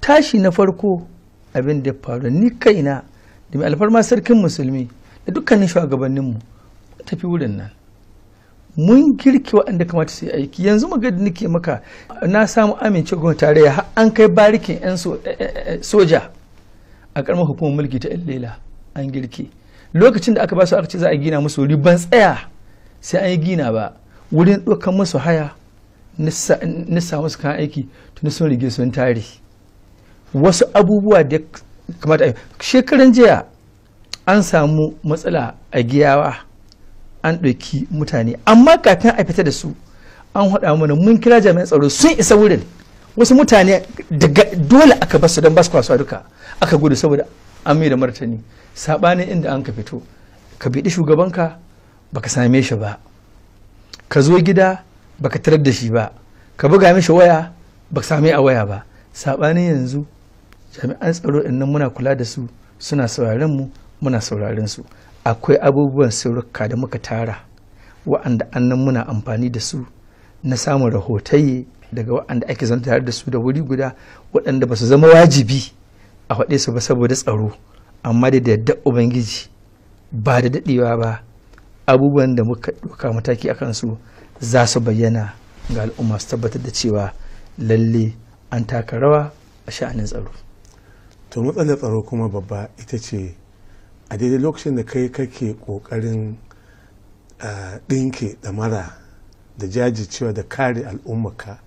Speaker 2: tashi na farko abin da ya faru ni kaina da mai alfarma sarkin musulmi da dukkanin shugabanninmu tafi wurin nan mun girki waɗanda kamata su yi aiki yanzu magana nake maka na samu amince gwamnati tarayya har an kai barikin 'yan soja a ƙaramar hukumar mulki ta illela an girki lokacin da aka ba su aka ce za a gina musu wuri ban tsaya sai an yi gina ba wurin ɗaukar musu haya na samu su kan aiki tuni sun rige sun tare wasu abubuwa da kamata shekaran jiya an samu matsala a giyawa an ɗauki mutane amma kafin a fita da su an haɗa mana mun kira jami'an tsaro sun isa wurin wasu mutane daga dole aka basu don basu kwasuwa duka aka gudu saboda an mai da martani saɓanin inda an ka fito ka biɗi shugabanka baka same shi ba ka zo gida baka tarar da shi ba ka buga mishi waya baka same a waya ba saɓanin yanzu jami'an tsaro nan muna kula da su suna sauraron mu muna sauraren su akwai abubuwan sirrika da muka tara wa'anda annan muna amfani da su na samun rahotai daga wa'anda ake zanta tare da su da wuri guda waɗanda ba su zama wajibi a faɗe su ba saboda tsaro amma da yadda ubangiji ba da daɗewa ba abubuwan da muka ɗauka mataki a kansu za su bayyana ga al'umma su tabbatar da cewa lalle an taka rawa a sha'anin tsaro
Speaker 1: to matsalar tsaro kuma babba ita ce a daidai lokacin da kai kake kokarin da mara da jajircewa da kare al'ummaka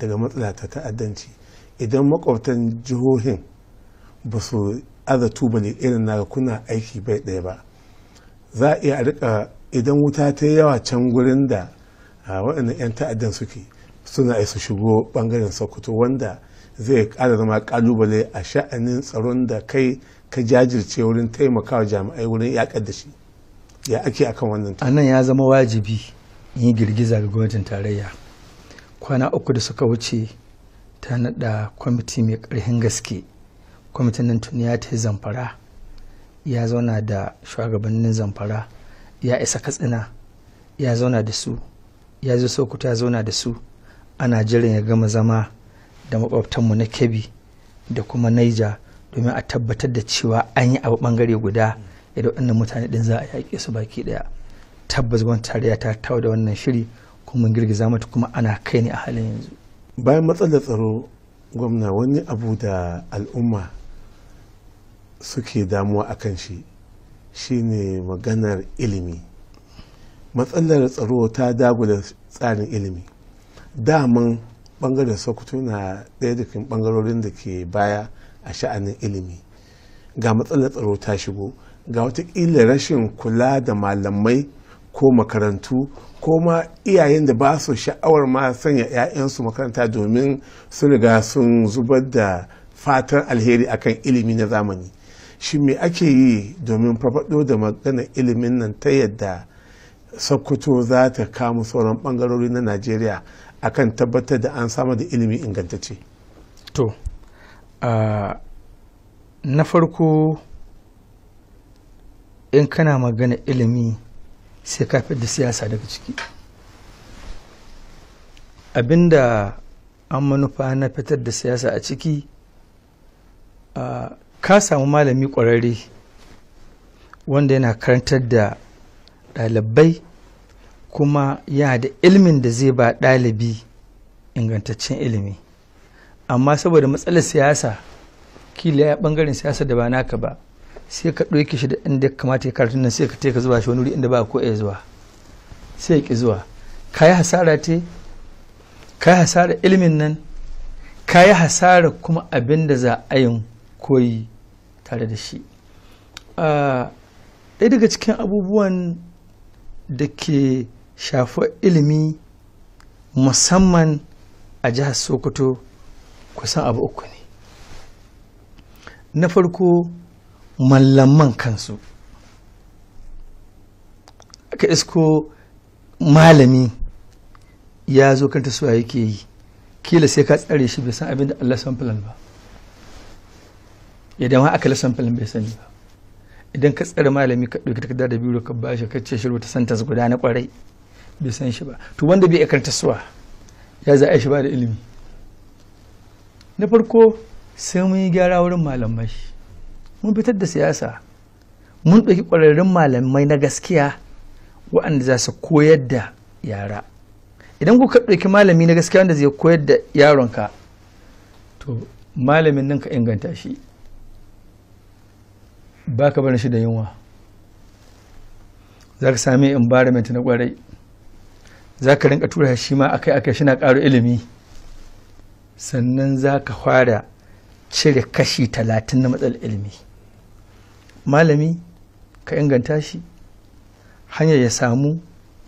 Speaker 1: daga matsala ta ta'addanci idan makwabtan jihohin ba su aza ne irin na kuna aiki bai ɗaya ba za a iya rika idan wuta ta yawa can gurin da waɗannan 'yan ta'addan suke suna su shigo ɓangaren sokoto wanda zai ƙara zama ƙalubale a sha'anin tsaron da kai ka jajirce wurin taimakawa jami'ai wurin yaƙar da shi
Speaker 2: ya ake akan wannan a nan ya zama wajibi yi girgiza ga gwamnatin tarayya kwana uku da suka wuce ta naɗa kwamiti mai ƙarfin gaske kwamitin nan tuni ya ta zamfara ya zauna da shugabannin zamfara ya isa katsina ya zauna da su ya zo sokoto ya zauna da su ana jiran ya gama zama da makwabtanmu na kebbi da kuma naija domin a tabbatar da cewa an yi abu bangare guda idan waɗannan mutane din za a yaƙe su baki ɗaya tabbas gwamnati tarayya ta tawo da wannan shiri kuma mun girgiza mata kuma ana kai ne a halin yanzu
Speaker 1: bayan matsalar tsaro gwamna wani abu da al'umma suke damuwa a kan shi shine maganar ilimi matsalar tsaro ta dagula tsarin ilimi daman bangaren sokoto na ɗaya da bangarorin da ke baya a sha'anin ilimi ga matsalar tsaro ta shigo ga watakila rashin kula da malamai ko makarantu ko ma iyayen da ba su sha'awar ma sanya 'ya'yansu makaranta domin su riga sun zubar da fatan alheri akan ilimi na zamani shi me ake yi domin farfado da maganar ilimin nan ta yadda sokoto za ta kama sauran bangarori na najeriya akan tabbatar da an samar da ilimi ingantacce
Speaker 2: to na farko in kana magana ilimi sai ka da siyasa daga ciki abinda an manufa na fitar da siyasa a ciki ka samu malami ƙwararre wanda yana karantar da ɗalibai kuma yana da ilimin da zai ba ɗalibi ingantaccen ilimi amma saboda matsalar siyasa kila ya bangaren siyasa da ba naka ba sai ka ɗauke shi da inda ya kamata ya karatu nan sai ka teka zuwa shi wani wuri inda ba ko ya zuwa sai ki zuwa ka yi hasara te ka yi hasara ilimin nan ka yi hasara kuma abin da za a yin koyi tare da shi ɗaya daga cikin abubuwan da ke shafi ilimi musamman a jihar sokoto kusan abu uku ne na farko mallaman kansu aka isko malami ya zo kanta suwa yake yi kila sai ka tsare shi bai san abin da Allah san filan ba idan aka lasan filin bai sani ba idan ka tsare malami ka ɗauki takardar da biyu ka bashi ka ce shiru ta santa guda na kwarai bai san shi ba to wanda bai karanta suwa ya za a shi ba da ilimi na farko sai mun yi gyara wurin malamai mun fitar da siyasa mun ɗauki ƙwararrun malamai na gaskiya waɗanda za su koyar da yara idan kuka ɗauki malami na gaskiya wanda zai koyar da yaronka to malamin nan ka inganta shi ba ka barin shi da yunwa za ka sami environment na ƙwarai za ka rinka tura shi ma akai-akai shi na ƙaro ilimi sannan za ka fara cire kashi talatin na matsalar ilimi malami ka inganta shi hanyar ya samu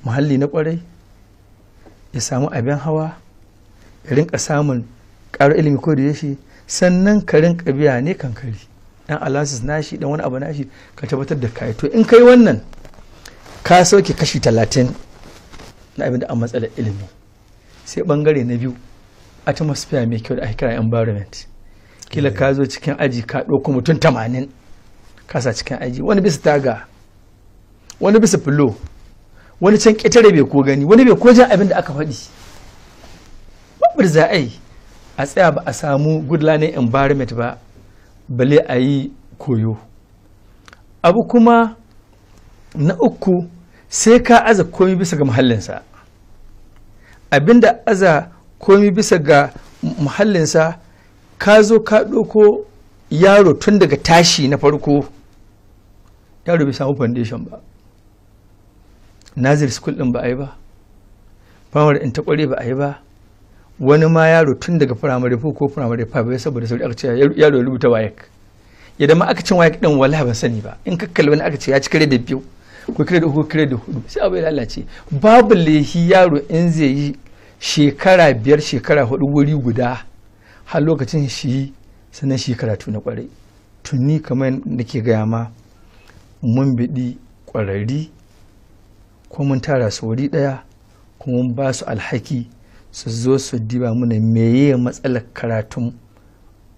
Speaker 2: muhalli na kwarai ya samu abin hawa ya rinka samun ƙarar ilimi ko da shi sannan ka rinka biya ne kankari dan alasis nashi dan wani abu nashi ka tabbatar da kai to in kai wannan ka sauke kashi talatin na abin da an matsalar ilimi sai bangare na biyu atmosphere mai kyau da ake kira environment kila eh. ka zo cikin aji ka ɗauko mutum tamanin kasa cikin aji wani bisa taga wani bisa filo wani can ƙetare bai ko gani wani bai ko jan abin da aka faɗi babbar za a yi a tsaya ba a samu good learning environment ba bale a yi koyo abu kuma na uku sai ka aza komi bisa ga muhallinsa abinda aza komi bisa ga muhallinsa ka zo ka ɗauko yaro tun daga tashi na farko yaro bai samu foundation ba nazir school ɗin ba a yi ba Famar in ta ƙware ba a yi ba wani ma yaro tun daga firamare ko ko firamare fa bai saboda sauri aka ce yaro ya rubuta wayek idan ma aka cin wayek ɗin wala ban sani ba in ka kalli aka ce ya ci kare da biyu ko kare da uku kare da hudu sai abu ya lalace babu lehi yaro in zai yi shekara biyar shekara hudu wuri guda har lokacin shi sannan shi karatu na kwarai tuni kamar da ke gaya ma mun biɗi kwararri ko mun tara su wuri ɗaya ko mun ba su alhaki su zo su diba mana meye matsalar karatun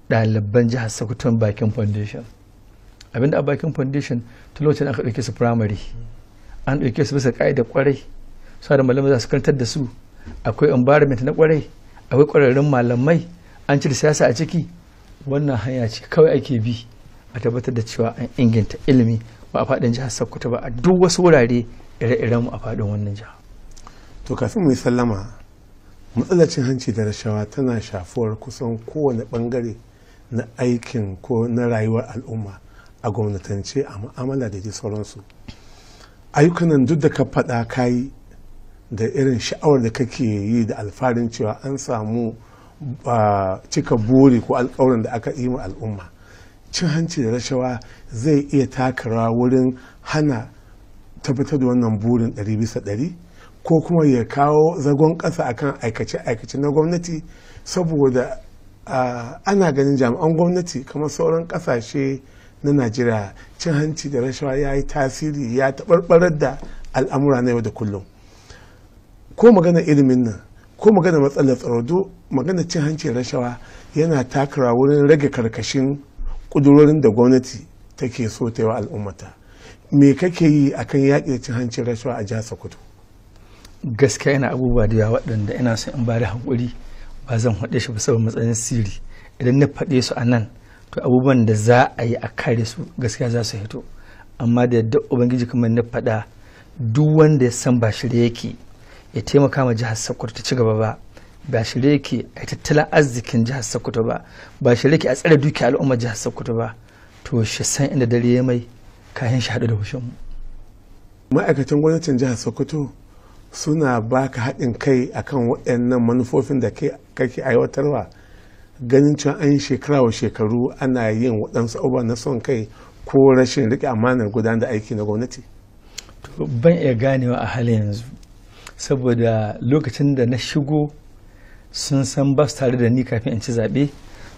Speaker 2: ɗaliban jihar sakuton bakin foundation abinda a bakin foundation ta lokacin aka ɗauke su firamare an ɗauke su bisa ƙa'ida kwarai su da malamai za su da su akwai environment na kwarai akwai kwararrun malamai an ci siyasa a ciki wannan hanya ce kawai ake bi a tabbatar da cewa an inganta ilimi ba a faɗin jihar sokoto ba a duk wasu wurare ire-iren mu a faɗin wannan jiha to kafin mu yi sallama
Speaker 1: matsalar hanci da rashawa tana shafuwar kusan kowane bangare na aikin ko na rayuwar al'umma a gwamnatance a ma'amala da sauransu ayyukan duk da ka faɗa kayi da irin sha'awar da kake yi da alfarin cewa an samu cika buri ko alkawarin da aka yi al'umma cin hanci da rashawa zai iya takara wurin hana tabbatar da wannan burin ɗari bisa ɗari ko kuma ya kawo zagon ƙasa akan aikace-aikace na gwamnati saboda ana ganin jami'an gwamnati kamar sauran ƙasashe na najeriya cin hanci da rashawa ya yi tasiri ya taɓarɓarar da al'amura na yau da kullum ko magana ilimin nan ko magana matsalar tsaro magana cin hanci rashawa yana takara wurin rage karkashin kudurorin da gwamnati take so ta yi wa al'ummata me
Speaker 2: kake yi akan yaƙi da cin hanci rashawa a jihar sokoto gaskiya yana abubuwa da yawa waɗanda ina son in bada hankuri ba zan haɗe shi ba saboda matsayin sirri idan na faɗe su a nan to abubuwan da za a yi a kare su gaskiya za su hito amma da yadda ubangiji kamar na faɗa duk wanda ya san ba shirya yake ya taimaka ma jihar sokoto ta ci gaba ba ba shirye yake a tattalin arzikin jihar sokoto ba ba shirye yake a tsare duki al'umma jihar sokoto ba to shi san inda dare ya mai kayan shi haɗu da hushin mu ma'aikatan gwamnatin jihar sokoto suna baka haɗin kai
Speaker 1: akan waɗannan manufofin da kake aiwatarwa ganin cewa an shekara wa shekaru ana yin waɗansu abubuwa na son kai ko rashin riƙe amanar gudanar da aiki na
Speaker 2: gwamnati ban iya ganewa a halin yanzu saboda lokacin da na shigo sun san ba su tare da ni kafin in ci zaɓe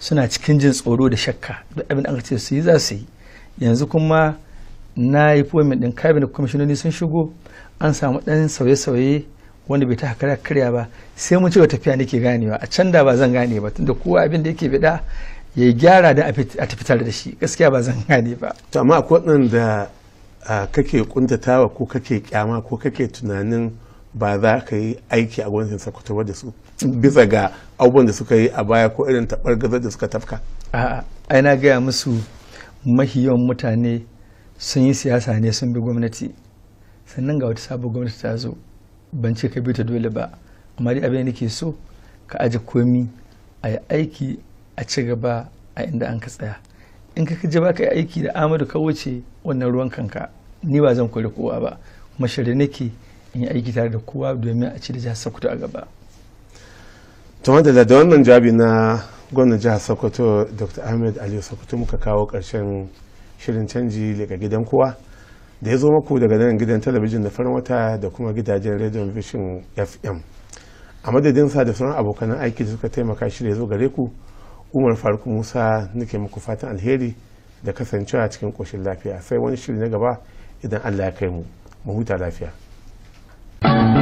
Speaker 2: suna cikin jin tsoro da shakka duk abin da aka ce su yi za su yi yanzu kuma na yi fomin ɗin cabinet kwamishinoni sun shigo an samu ɗan sauye-sauye wanda bai ta hakara karya ba sai mun ci tafiya nake ganewa a can da ba zan gane ba tunda kowa abin da yake bida ya gyara da a tafi tare da shi gaskiya ba zan gane ba amma akwai waɗanda
Speaker 1: kake kuntatawa ko kake kyama ko kake tunanin ba za ka yi aiki a gwamnatin sokoto da su bisa ga abubuwan da suka yi a baya ko irin tabar gazar da suka tafka
Speaker 2: a'a ai na gaya musu yawan mutane sun yi siyasa ne sun bi gwamnati sannan ga wata sabon gwamnati ta zo ban ce ka bi ta dole ba amma dai abin da nake so ka aje komi a yi aiki a ci gaba a inda an ka tsaya in ka je ba ka yi aiki da amadu ka wuce wannan ruwan kanka ni ba zan kore kowa ba kuma shirye nake in aiki tare da kowa domin a ci da jihar sokoto a gaba
Speaker 1: to da da wannan jabi na gwamnan jihar sokoto dr ahmed aliyu sokoto muka kawo karshen shirin canji daga gidan kowa da ya zo maku daga nan gidan talabijin da farin wata da kuma gidajen radio vision fm a madadin sa da sauran abokan aiki da suka taimaka shi ya zo gare ku umar faruk musa nake muku fatan alheri da kasancewa cikin koshin lafiya sai wani shiri na gaba idan allah ya kai mu mu huta lafiya Thank you.